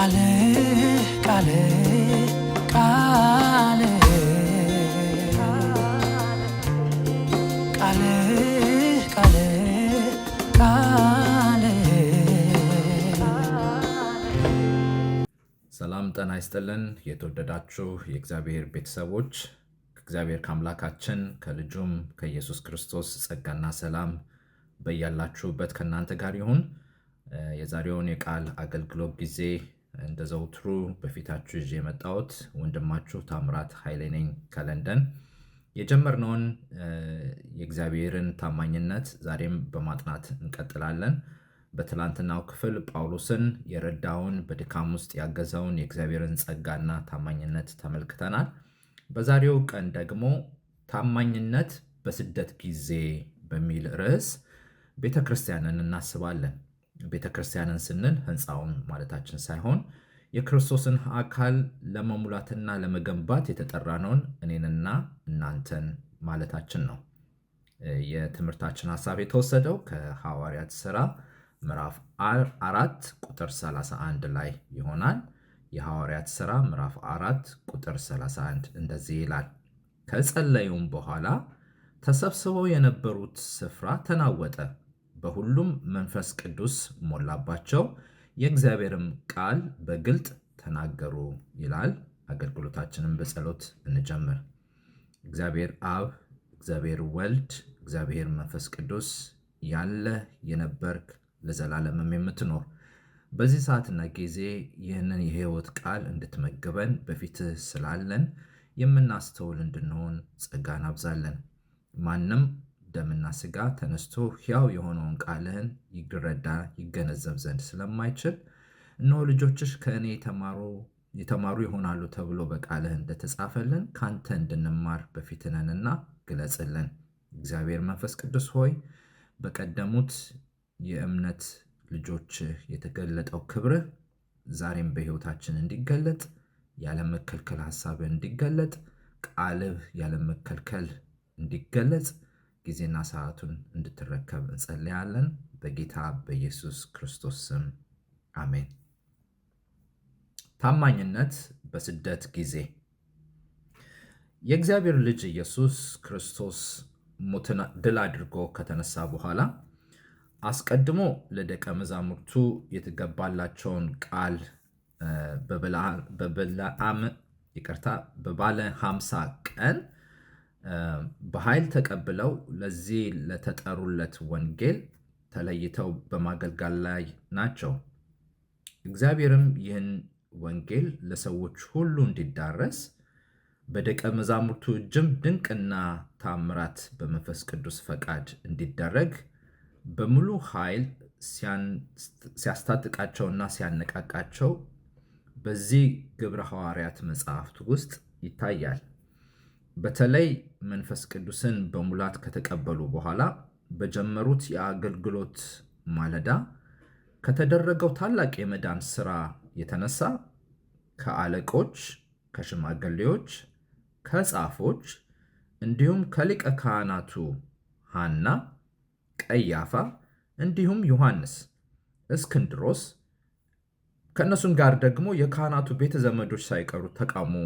ቃል ቃል ቃል ቃል ሰላም ጤና ይስጥልን። የተወደዳችሁ የእግዚአብሔር ቤተሰቦች ከእግዚአብሔር ከአምላካችን ከልጁም ከኢየሱስ ክርስቶስ ጸጋና ሰላም በያላችሁበት ከእናንተ ጋር ይሁን። የዛሬውን የቃል አገልግሎት ጊዜ እንደዘውትሩ በፊታችሁ ይዤ የመጣሁት ወንድማችሁ ታምራት ኃይሌ ነኝ ከለንደን። የጀመርነውን የእግዚአብሔርን ታማኝነት ዛሬም በማጥናት እንቀጥላለን። በትላንትናው ክፍል ጳውሎስን የረዳውን በድካም ውስጥ ያገዘውን የእግዚአብሔርን ጸጋና ታማኝነት ተመልክተናል። በዛሬው ቀን ደግሞ ታማኝነት በስደት ጊዜ በሚል ርዕስ ቤተ ክርስቲያንን እናስባለን። ክርስቲያንን ስንል ህንፃውን ማለታችን ሳይሆን የክርስቶስን አካል ለመሙላትና ለመገንባት የተጠራነውን እኔንና እናንተን ማለታችን ነው። የትምህርታችን ሀሳብ የተወሰደው ከሐዋርያት ሥራ ምዕራፍ አራት ቁጥር 31 ላይ ይሆናል። የሐዋርያት ሥራ ምዕራፍ አራት ቁጥር 31 እንደዚህ ይላል። ከጸለዩም በኋላ ተሰብስበው የነበሩት ስፍራ ተናወጠ በሁሉም መንፈስ ቅዱስ ሞላባቸው፣ የእግዚአብሔርም ቃል በግልጥ ተናገሩ ይላል። አገልግሎታችንን በጸሎት እንጀምር። እግዚአብሔር አብ፣ እግዚአብሔር ወልድ፣ እግዚአብሔር መንፈስ ቅዱስ ያለ የነበርክ ለዘላለምም የምትኖር በዚህ ሰዓትና ጊዜ ይህንን የህይወት ቃል እንድትመግበን በፊትህ ስላለን የምናስተውል እንድንሆን ጸጋን አብዛለን። ማንም ደምና ስጋ ተነስቶ ሕያው የሆነውን ቃልህን ይረዳ ይገነዘብ ዘንድ ስለማይችል እነሆ ልጆችሽ ከእኔ የተማሩ ይሆናሉ ተብሎ በቃልህ እንደተጻፈልን ካንተ እንድንማር በፊትነንና ግለጽልን። እግዚአብሔር መንፈስ ቅዱስ ሆይ በቀደሙት የእምነት ልጆች የተገለጠው ክብርህ ዛሬም በሕይወታችን እንዲገለጥ ያለመከልከል ሐሳብህ እንዲገለጥ ቃልህ ያለመከልከል እንዲገለጽ ጊዜና ሰዓቱን እንድትረከብ እንጸልያለን። በጌታ በኢየሱስ ክርስቶስ ስም አሜን። ታማኝነት በስደት ጊዜ የእግዚአብሔር ልጅ ኢየሱስ ክርስቶስ ሞትን ድል አድርጎ ከተነሳ በኋላ አስቀድሞ ለደቀ መዛሙርቱ የተገባላቸውን ቃል በበለዓም ይቅርታ በባለ ሃምሳ ቀን በኃይል ተቀብለው ለዚህ ለተጠሩለት ወንጌል ተለይተው በማገልጋል ላይ ናቸው። እግዚአብሔርም ይህን ወንጌል ለሰዎች ሁሉ እንዲዳረስ በደቀ መዛሙርቱ እጅም ድንቅና ታምራት በመንፈስ ቅዱስ ፈቃድ እንዲደረግ በሙሉ ኃይል ሲያስታጥቃቸውና ሲያነቃቃቸው በዚህ ግብረ ሐዋርያት መጽሐፍት ውስጥ ይታያል። በተለይ መንፈስ ቅዱስን በሙላት ከተቀበሉ በኋላ በጀመሩት የአገልግሎት ማለዳ ከተደረገው ታላቅ የመዳን ስራ የተነሳ ከአለቆች፣ ከሽማግሌዎች፣ ከጻፎች እንዲሁም ከሊቀ ካህናቱ ሐና፣ ቀያፋ እንዲሁም ዮሐንስ፣ እስክንድሮስ ከእነሱም ጋር ደግሞ የካህናቱ ቤተ ዘመዶች ሳይቀሩ ተቃውሞ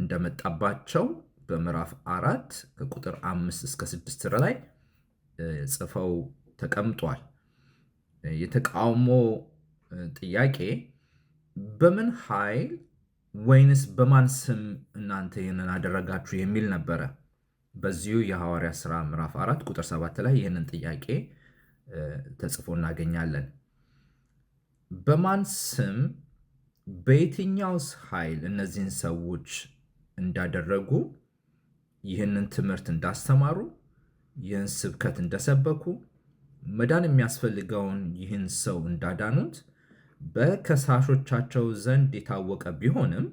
እንደመጣባቸው በምዕራፍ አራት ከቁጥር አምስት እስከ ስድስት ላይ ጽፈው ተቀምጧል። የተቃውሞ ጥያቄ በምን ኃይል ወይንስ በማን ስም እናንተ ይህንን አደረጋችሁ የሚል ነበረ። በዚሁ የሐዋርያ ሥራ ምዕራፍ አራት ቁጥር ሰባት ላይ ይህንን ጥያቄ ተጽፎ እናገኛለን። በማን ስም በየትኛውስ ኃይል እነዚህን ሰዎች እንዳደረጉ ይህንን ትምህርት እንዳስተማሩ፣ ይህን ስብከት እንደሰበኩ፣ መዳን የሚያስፈልገውን ይህን ሰው እንዳዳኑት በከሳሾቻቸው ዘንድ የታወቀ ቢሆንም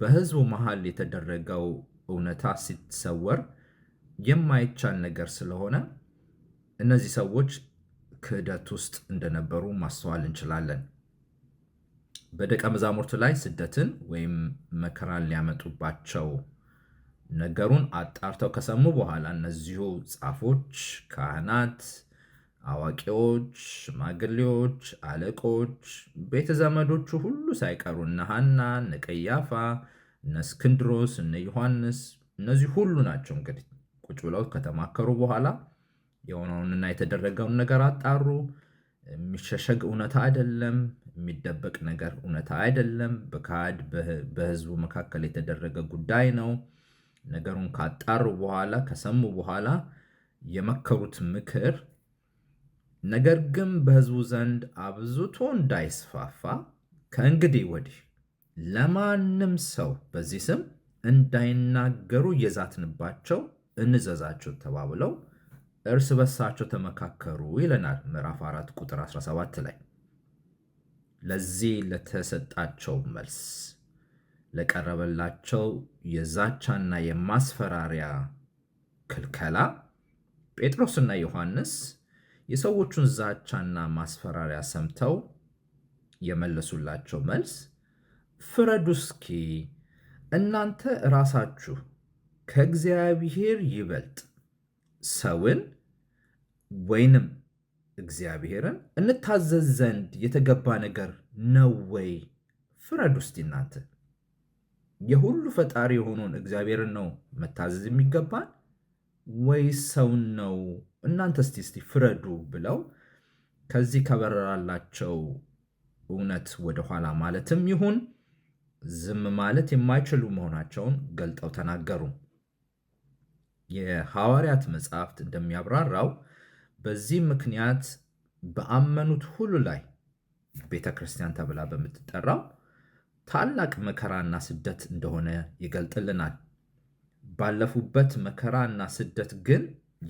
በሕዝቡ መሃል የተደረገው እውነታ ሲሰወር የማይቻል ነገር ስለሆነ እነዚህ ሰዎች ክህደት ውስጥ እንደነበሩ ማስተዋል እንችላለን። በደቀ መዛሙርት ላይ ስደትን ወይም መከራን ሊያመጡባቸው ነገሩን አጣርተው ከሰሙ በኋላ እነዚሁ ጻፎች፣ ካህናት፣ አዋቂዎች፣ ሽማግሌዎች፣ አለቆች፣ ቤተ ዘመዶቹ ሁሉ ሳይቀሩ እነ ሐና፣ እነ ቀያፋ፣ እነ እስክንድሮስ፣ እነ ዮሐንስ እነዚህ ሁሉ ናቸው። እንግዲህ ቁጭ ብለው ከተማከሩ በኋላ የሆነውንና የተደረገውን ነገር አጣሩ። የሚሸሸግ እውነታ አይደለም፣ የሚደበቅ ነገር እውነታ አይደለም። በካድ በህዝቡ መካከል የተደረገ ጉዳይ ነው። ነገሩን ካጣሩ በኋላ ከሰሙ በኋላ የመከሩት ምክር ነገር ግን በህዝቡ ዘንድ አብዝቶ እንዳይስፋፋ ከእንግዲህ ወዲህ ለማንም ሰው በዚህ ስም እንዳይናገሩ እየዛትንባቸው እንዘዛቸው ተባብለው እርስ በርሳቸው ተመካከሩ ይለናል ምዕራፍ 4 ቁጥር 17 ላይ። ለዚህ ለተሰጣቸው መልስ ለቀረበላቸው የዛቻና የማስፈራሪያ ክልከላ ጴጥሮስና ዮሐንስ የሰዎቹን ዛቻና ማስፈራሪያ ሰምተው የመለሱላቸው መልስ ፍረዱ እስኪ እናንተ ራሳችሁ ከእግዚአብሔር ይበልጥ ሰውን ወይንም እግዚአብሔርን እንታዘዝ ዘንድ የተገባ ነገር ነው ወይ? ፍረዱ እስቲ እናንተ። የሁሉ ፈጣሪ የሆነውን እግዚአብሔርን ነው መታዘዝ የሚገባን ወይስ ሰውን ነው? እናንተ እስቲ እስቲ ፍረዱ ብለው ከዚህ ከበረራላቸው እውነት ወደኋላ ማለትም ይሁን ዝም ማለት የማይችሉ መሆናቸውን ገልጠው ተናገሩ። የሐዋርያት መጽሐፍት እንደሚያብራራው በዚህ ምክንያት በአመኑት ሁሉ ላይ ቤተ ክርስቲያን ተብላ በምትጠራው ታላቅ መከራና ስደት እንደሆነ ይገልጥልናል። ባለፉበት መከራና ስደት ግን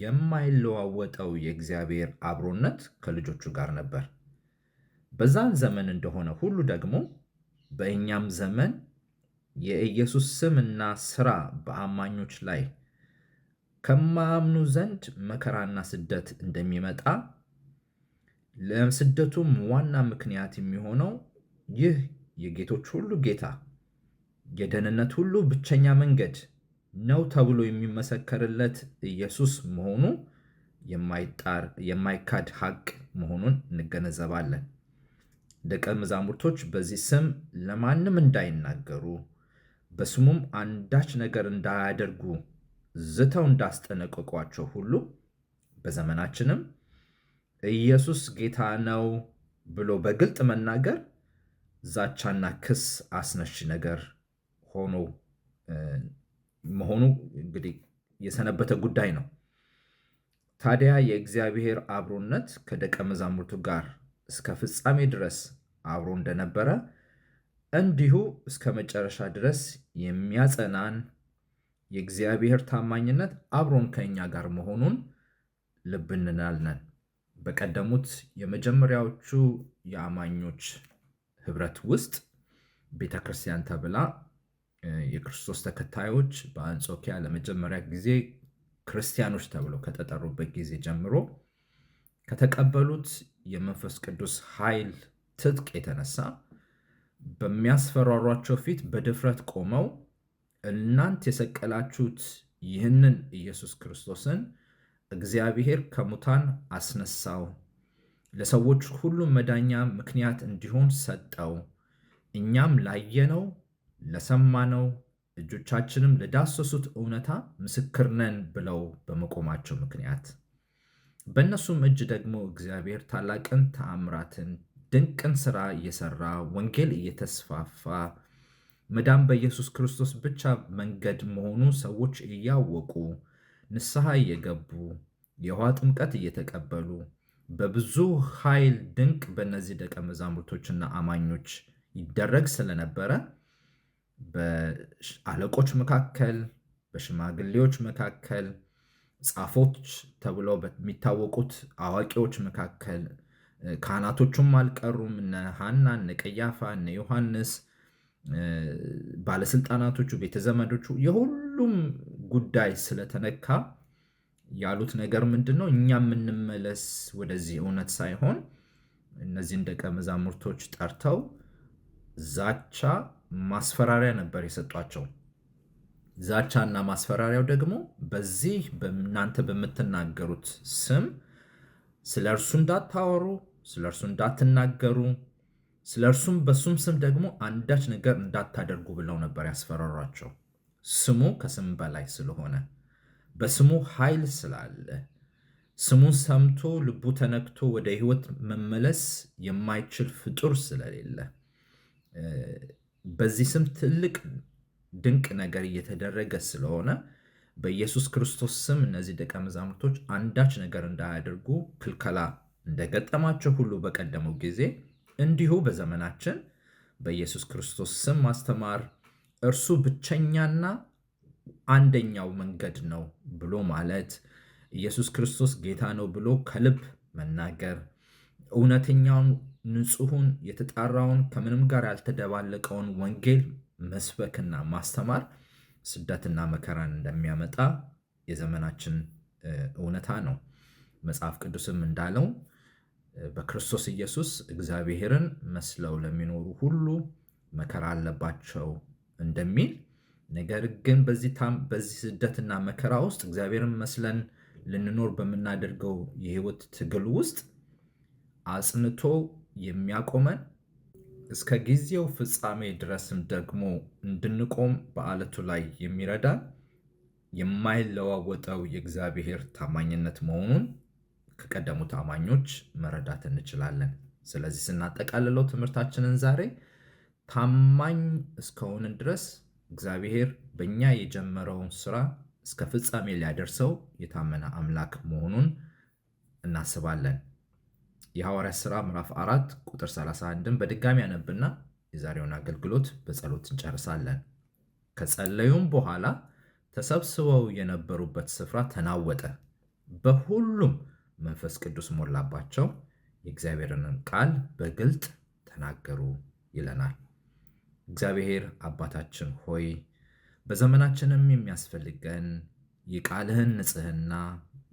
የማይለዋወጠው የእግዚአብሔር አብሮነት ከልጆቹ ጋር ነበር። በዛን ዘመን እንደሆነ ሁሉ ደግሞ በእኛም ዘመን የኢየሱስ ስምና ስራ በአማኞች ላይ ከማያምኑ ዘንድ መከራና ስደት እንደሚመጣ ለስደቱም ዋና ምክንያት የሚሆነው ይህ የጌቶች ሁሉ ጌታ፣ የደህንነት ሁሉ ብቸኛ መንገድ ነው ተብሎ የሚመሰከርለት ኢየሱስ መሆኑ የማይጣር የማይካድ ሀቅ መሆኑን እንገነዘባለን። ደቀ መዛሙርቶች በዚህ ስም ለማንም እንዳይናገሩ በስሙም አንዳች ነገር እንዳያደርጉ ዝተው እንዳስጠነቀቋቸው ሁሉ በዘመናችንም ኢየሱስ ጌታ ነው ብሎ በግልጥ መናገር ዛቻና ክስ አስነሽ ነገር ሆኖ መሆኑ እንግዲህ የሰነበተ ጉዳይ ነው። ታዲያ የእግዚአብሔር አብሮነት ከደቀ መዛሙርቱ ጋር እስከ ፍጻሜ ድረስ አብሮ እንደነበረ እንዲሁ እስከ መጨረሻ ድረስ የሚያጸናን የእግዚአብሔር ታማኝነት አብሮን ከእኛ ጋር መሆኑን ልብ እንላለን። በቀደሙት የመጀመሪያዎቹ የአማኞች ህብረት ውስጥ ቤተ ክርስቲያን ተብላ የክርስቶስ ተከታዮች በአንጾኪያ ለመጀመሪያ ጊዜ ክርስቲያኖች ተብለው ከተጠሩበት ጊዜ ጀምሮ ከተቀበሉት የመንፈስ ቅዱስ ኃይል ትጥቅ የተነሳ በሚያስፈራሯቸው ፊት በድፍረት ቆመው እናንት የሰቀላችሁት ይህንን ኢየሱስ ክርስቶስን እግዚአብሔር ከሙታን አስነሳው ለሰዎች ሁሉ መዳኛ ምክንያት እንዲሆን ሰጠው። እኛም ላየነው ለሰማነው እጆቻችንም ለዳሰሱት እውነታ ምስክር ነን ብለው በመቆማቸው ምክንያት በእነሱም እጅ ደግሞ እግዚአብሔር ታላቅን ተአምራትን ድንቅን ስራ እየሰራ ወንጌል እየተስፋፋ መዳን በኢየሱስ ክርስቶስ ብቻ መንገድ መሆኑ ሰዎች እያወቁ ንስሐ እየገቡ የውሃ ጥምቀት እየተቀበሉ በብዙ ኃይል ድንቅ በእነዚህ ደቀ መዛሙርቶችና አማኞች ይደረግ ስለነበረ በአለቆች መካከል፣ በሽማግሌዎች መካከል፣ ጻፎች ተብለው በሚታወቁት አዋቂዎች መካከል ካህናቶቹም አልቀሩም። እነ ሐና፣ እነ ቀያፋ፣ እነ ዮሐንስ፣ ባለስልጣናቶቹ፣ ቤተዘመዶቹ የሁሉም ጉዳይ ስለተነካ ያሉት ነገር ምንድን ነው? እኛ የምንመለስ ወደዚህ እውነት ሳይሆን እነዚህን ደቀ መዛሙርቶች ጠርተው ዛቻ፣ ማስፈራሪያ ነበር የሰጧቸው። ዛቻ እና ማስፈራሪያው ደግሞ በዚህ እናንተ በምትናገሩት ስም ስለ እርሱ እንዳታወሩ፣ ስለ እርሱ እንዳትናገሩ፣ ስለ እርሱም በሱም ስም ደግሞ አንዳች ነገር እንዳታደርጉ ብለው ነበር ያስፈራሯቸው፣ ስሙ ከስም በላይ ስለሆነ በስሙ ኃይል ስላለ ስሙን ሰምቶ ልቡ ተነክቶ ወደ ህይወት መመለስ የማይችል ፍጡር ስለሌለ በዚህ ስም ትልቅ ድንቅ ነገር እየተደረገ ስለሆነ በኢየሱስ ክርስቶስ ስም እነዚህ ደቀ መዛሙርቶች አንዳች ነገር እንዳያደርጉ ክልከላ እንደገጠማቸው ሁሉ በቀደመው ጊዜ እንዲሁ በዘመናችን በኢየሱስ ክርስቶስ ስም ማስተማር እርሱ ብቸኛና አንደኛው መንገድ ነው ብሎ ማለት፣ ኢየሱስ ክርስቶስ ጌታ ነው ብሎ ከልብ መናገር፣ እውነተኛውን፣ ንጹሑን፣ የተጣራውን፣ ከምንም ጋር ያልተደባለቀውን ወንጌል መስበክና ማስተማር ስደትና መከራን እንደሚያመጣ የዘመናችን እውነታ ነው። መጽሐፍ ቅዱስም እንዳለው በክርስቶስ ኢየሱስ እግዚአብሔርን መስለው ለሚኖሩ ሁሉ መከራ አለባቸው እንደሚል ነገር ግን በዚህ ስደትና መከራ ውስጥ እግዚአብሔርን መስለን ልንኖር በምናደርገው የህይወት ትግል ውስጥ አጽንቶ የሚያቆመን እስከ ጊዜው ፍጻሜ ድረስም ደግሞ እንድንቆም በአለቱ ላይ የሚረዳን የማይለዋወጠው የእግዚአብሔር ታማኝነት መሆኑን ከቀደሙት አማኞች መረዳት እንችላለን። ስለዚህ ስናጠቃልለው ትምህርታችንን ዛሬ ታማኝ እስከሆንን ድረስ እግዚአብሔር በእኛ የጀመረውን ስራ እስከ ፍጻሜ ሊያደርሰው የታመነ አምላክ መሆኑን እናስባለን። የሐዋርያ ሥራ ምዕራፍ 4 ቁጥር 31ን በድጋሚ ያነብና የዛሬውን አገልግሎት በጸሎት እንጨርሳለን። ከጸለዩም በኋላ ተሰብስበው የነበሩበት ስፍራ ተናወጠ፣ በሁሉም መንፈስ ቅዱስ ሞላባቸው፣ የእግዚአብሔርንም ቃል በግልጥ ተናገሩ ይለናል። እግዚአብሔር አባታችን ሆይ በዘመናችንም የሚያስፈልገን የቃልህን ንጽህና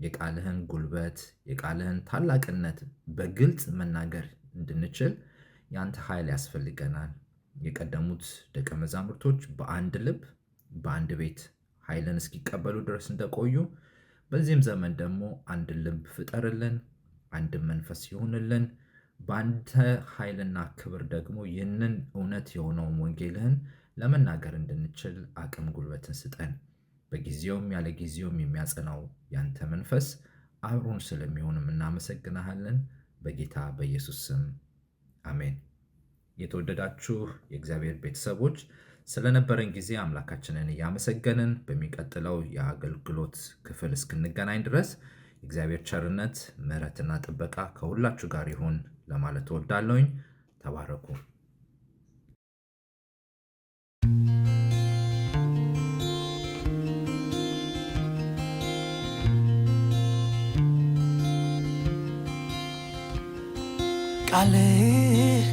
የቃልህን ጉልበት፣ የቃልህን ታላቅነት በግልጽ መናገር እንድንችል ያንተ ኃይል ያስፈልገናል። የቀደሙት ደቀ መዛሙርቶች በአንድ ልብ በአንድ ቤት ኃይልን እስኪቀበሉ ድረስ እንደቆዩ በዚህም ዘመን ደግሞ አንድ ልብ ፍጠርልን፣ አንድ መንፈስ ይሁንልን በአንተ ኃይልና ክብር ደግሞ ይህንን እውነት የሆነውን ወንጌልህን ለመናገር እንድንችል አቅም ጉልበትን ስጠን። በጊዜውም ያለ ጊዜውም የሚያጸናው ያንተ መንፈስ አብሮን ስለሚሆንም እናመሰግናሃለን። በጌታ በኢየሱስ ስም አሜን። የተወደዳችሁ የእግዚአብሔር ቤተሰቦች ስለነበረን ጊዜ አምላካችንን እያመሰገንን በሚቀጥለው የአገልግሎት ክፍል እስክንገናኝ ድረስ የእግዚአብሔር ቸርነት፣ ምሕረትና ጥበቃ ከሁላችሁ ጋር ይሁን። ለማለት እወዳለሁኝ። ተባረኩ። ቃሌ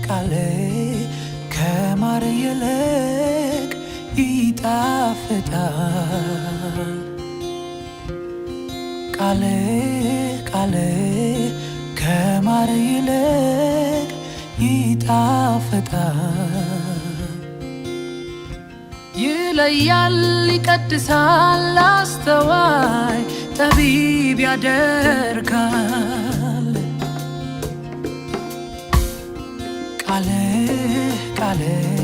ቃሌ ከማር ይልቅ ይጣፍጣል ቃሌ ቃሌ ከማር ይልቅ ይጣፈጣል፣ ይለያል፣ ይቀድሳል፣ አስተዋይ ጠቢብ ያደርጋል። ቃልህ ቃልህ